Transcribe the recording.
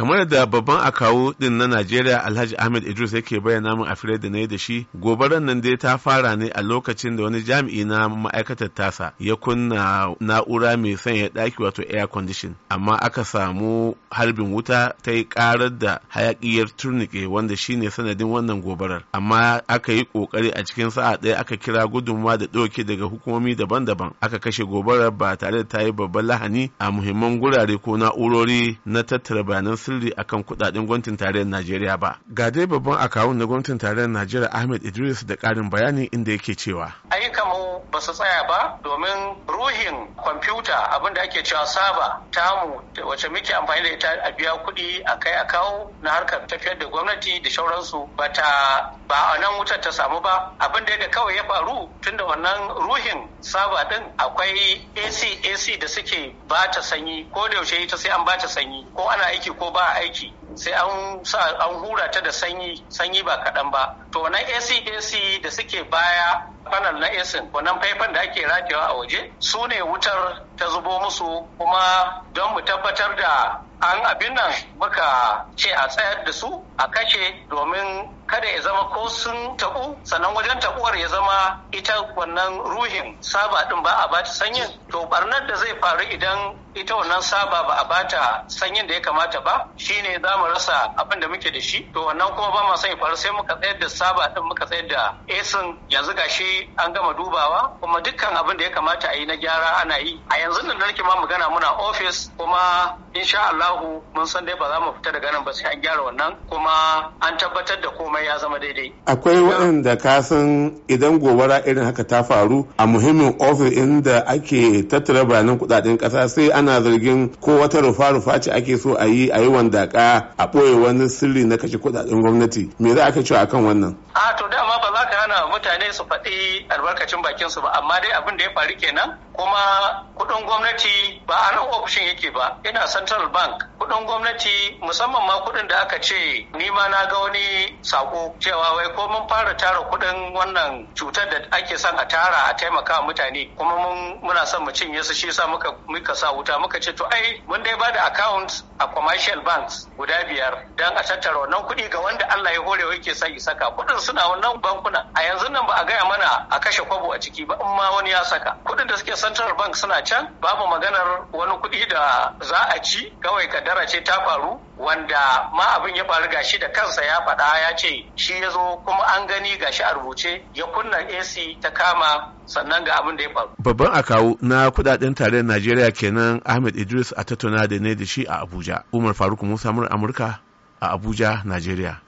kamar da babban akawu din na najeriya alhaji ahmed idris yake bayyana min a da na da shi gobarar nan dai ta fara ne a lokacin da wani jami'i na ma'aikatar tasa ya kunna na'ura mai sanya ɗaki wato air condition amma aka samu harbin wuta ta yi karar da hayakiyar turnike wanda shine sanadin wannan gobarar amma aka yi kokari a cikin sa'a ɗaya aka kira gudunmawa da ɗauke daga hukumomi daban-daban aka kashe gobarar ba tare da ta yi babban lahani a muhimman gurare ko na'urori na tattara bayanan sirri akan kudaden gwamnatin tarayyar Najeriya ba. Ga dai babban akawun na gwamnatin tarayyar Najeriya Ahmed Idris da karin bayani inda yake cewa. kamo ba su tsaya ba domin ruhin kwamfuta abin da ake cewa saba tamu wacce muke amfani da ita a biya kuɗi a kai a kawo na harkar tafiyar da gwamnati da shauransu ba ta ba a nan wutar ta samu ba abin da kawai ya faru tun da wannan ruhin saba din akwai ac ac da suke ba ta sanyi ko da yaushe ita sai an ba ta sanyi ko ana aiki ko ba aiki sai an sa an hura ta da sanyi sanyi ba kaɗan ba to wannan ac ac da suke baya fanal na esin wannan faifan da ake rakewa a waje su ne wutar ta zubo musu kuma don mu tabbatar da an abin nan muka ce a tsayar da su a kashe domin kada ya zama ko sun taɓu sannan wajen taɓuwar ya zama ita wannan ruhin saba ɗin ba a bata sanyin to barnar da zai faru idan ita wannan saba ba a bata sanyin da ya kamata ba shine za mu rasa abin da muke da shi to wannan kuma ba ma son faru sai muka tsayar da saba ɗin muka tsayar da esin yanzu gashi an gama dubawa kuma dukkan abin da ya kamata a yi na gyara ana yi a yanzu da nake ma magana muna ofis kuma insha Allahu mun san dai ba za mu fita daga nan ba sai an gyara wannan kuma an tabbatar da komai ya zama daidai akwai waɗanda ka san idan gobara irin haka ta faru a muhimmin ofis inda ake tattara bayanan kudaden kasa sai ana zargin ko wata rufa-rufa ce ake so a yi a yi wandaka a ɓoye wani sirri na kashe kudaden gwamnati me za aka ce akan wannan a to dama ba za ka hana mutane su faɗi albarkacin bakin su ba amma dai abin da ya faru kenan kuma kudin gwamnati ba a nan ofishin yake ba ina central bank kudin gwamnati musamman ma kudin da aka ce ni ma na ga wani sako cewa wai ko mun fara tara kuɗin wannan cutar da ake son a tara a taimaka mutane kuma mun muna son mu cinye su shi yasa muka muka sa wuta muka ce to ai mun dai bada account a commercial banks guda biyar dan a tattara wannan kuɗi ga wanda Allah ya horewa yake son saka kuɗin suna wannan bankuna a yanzu nan ba a gaya mana a kashe kwabo a ciki ba in wani ya saka kuɗin da suke central bank suna can babu maganar wani kuɗi da za a ci kawai kadara ce ta faru wanda ma abin ya faru gashi da kansa ya faɗa ya ce shi ya zo kuma an gani gashi a rubuce ya kunna AC ta kama sannan ga abin da ya faru. Babban akawu na kudaden tarayyar Najeriya kenan Ahmed Idris a tattauna da ne da shi a Abuja. Umar Faruk Musa Amurka a Abuja, Najeriya.